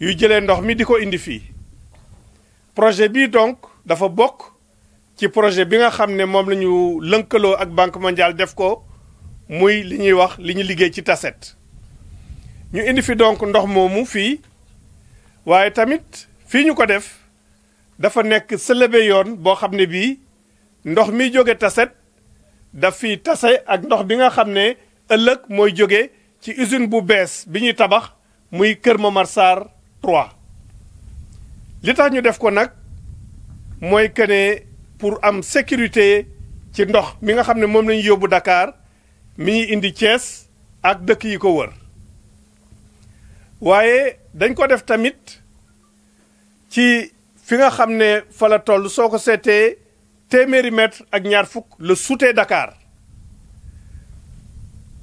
yu jëlee ndox mi di ko indi fii projet bii donc dafa bokk ci projet bi nga xam ne moom la ñu lënkaloo ak banque mondiale def ko muy li ñuy wax li ñu liggéey ci taset ñu indi fi donc ndox moomu fii waaye tamit fii ñu ko def dafa nekk sëlëbe yoon boo xam ne bii ndox mi jóge taset daf fi tase ak ndox bi nga xam ne ëllëg mooy jóge ci usine bu bees bi ñuy tabax muy Kër Momar Sarr trois li tax ñu def ko nag mooy que ne pour am sécurité ci ndox mi nga xam ne moom lañu yóbbu dakaar mi ñuy indi Thiès ak dëkk yi ko wër waaye dañ ko def tamit ci fi nga xam ne fala la toll soo ko seetee téeméeri mètre ak ñaar fukk la sutee Dakar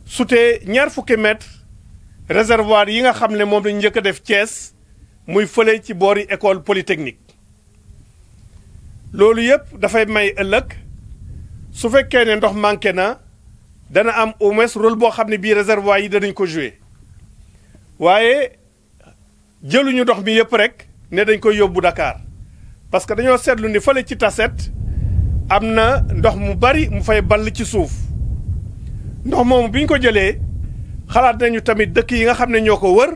sutee ñaar fukki mètre réservoir yi nga xam ne moom lañ njëkk a def Thiès muy fële ci boori école polytechnique loolu yëpp dafay may ëllëg su fekkee ne ndox manqué na dana am au moins rôle boo xam ne bii réservoir yi danañ ko joué waaye jëluñu ndox mi yëpp rek ne dañ koy yóbbu dakaar parce que dañoo seetlu ni fële ci taset am na ndox mu bari mu fay ball ci suuf ndox moomu bi ñu ko jëlee xalaat nañu tamit dëkk yi nga xam ne ñoo ko wër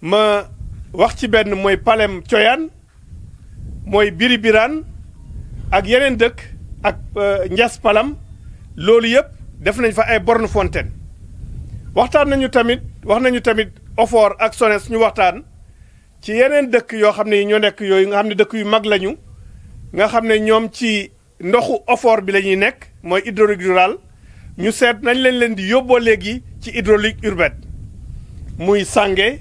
ma wax ci benn mooy Palem Coyaan mooy Biri Biraan ak yeneen dëkk ak euh, Njas Palam loolu yëpp def nañ fa ay borne fontaine waxtaan nañu tamit wax nañu tamit Ofor ak Sones ñu waxtaan ci yeneen dëkk yoo xam ne ñoo nekk yooyu nga xam ne dëkk yu mag lañu nga xam ne ñoom ci ndoxu Ofor bi la ñuy nekk mooy hydraulique rural ñu seet nañ leen leen di yóbboo léegi ci hydraulique urbaine muy sànge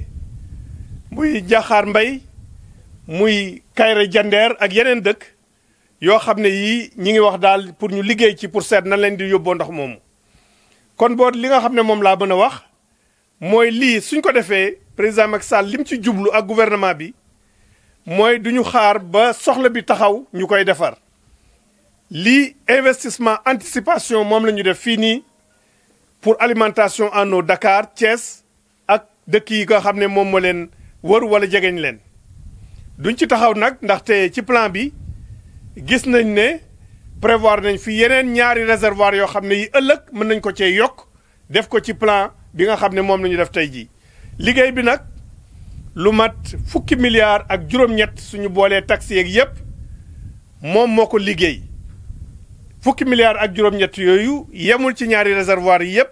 muy jaxaar mbay muy kayra jander ak yenen deuk yo xamne yi ñi ngi wax pour ñu liggéey ci pour seet nan leen di yobbo ndox mom kon bo li nga xamne mom la bëna a wax moy li suñ ko défé président Macky Sall lim ci jublu ak gouvernement bi moy duñu xaar ba soxla bi taxaw defar investissement anticipation mom lañu def pour alimentation en eau Dakar Thiès ak dëkk yi nga xamne mom mo wër wala jegeñ leen duñ ci taxaw nag ndaxte ci plan bi gis nañ ne prévoir nañ fi yeneen ñaari reservoir yoo xam ne yi ëllëg mën nañ ko cee yokk def ko ci plan bi nga xam ne moom la ñu def tey jii liggéey bi nag lu mat fukki milliards ak juróom-ñett suñu boolee taxi yeeg yépp moom moo ko liggéey fukki milliards ak juróom-ñett yooyu yemul ci ñaari réservoir yi yépp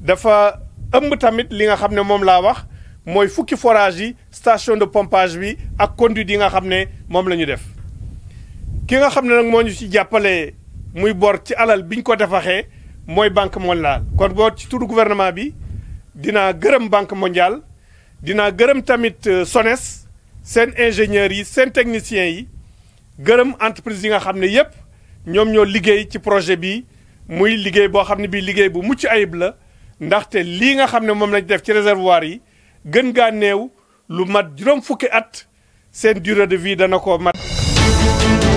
dafa ëmb tamit li nga xam ne moom laa wax moy fukki forage yi station de pompage bi ak conduite yi nga xam mom lañu def ki nga xam nak moñu ci jappalé muy bor ci alal biñ ñu ko defaxee moy banque mondiale kon boo ci turu gouvernement bi dina gërëm banque mondiale dina gërëm tamit euh, SONES seen ingénieurs yi seen techniciens yi gërëm entreprise yi nga xam yépp ñom ñoo liggéey ci projet bi muy liggéey bo xam bi liggéey bu mucc ayib la ndaxte li nga xam mom moom lañ def ci réservoir yi gën gaa néew lu mat juróom fukki at seen durée de vie dana ko mat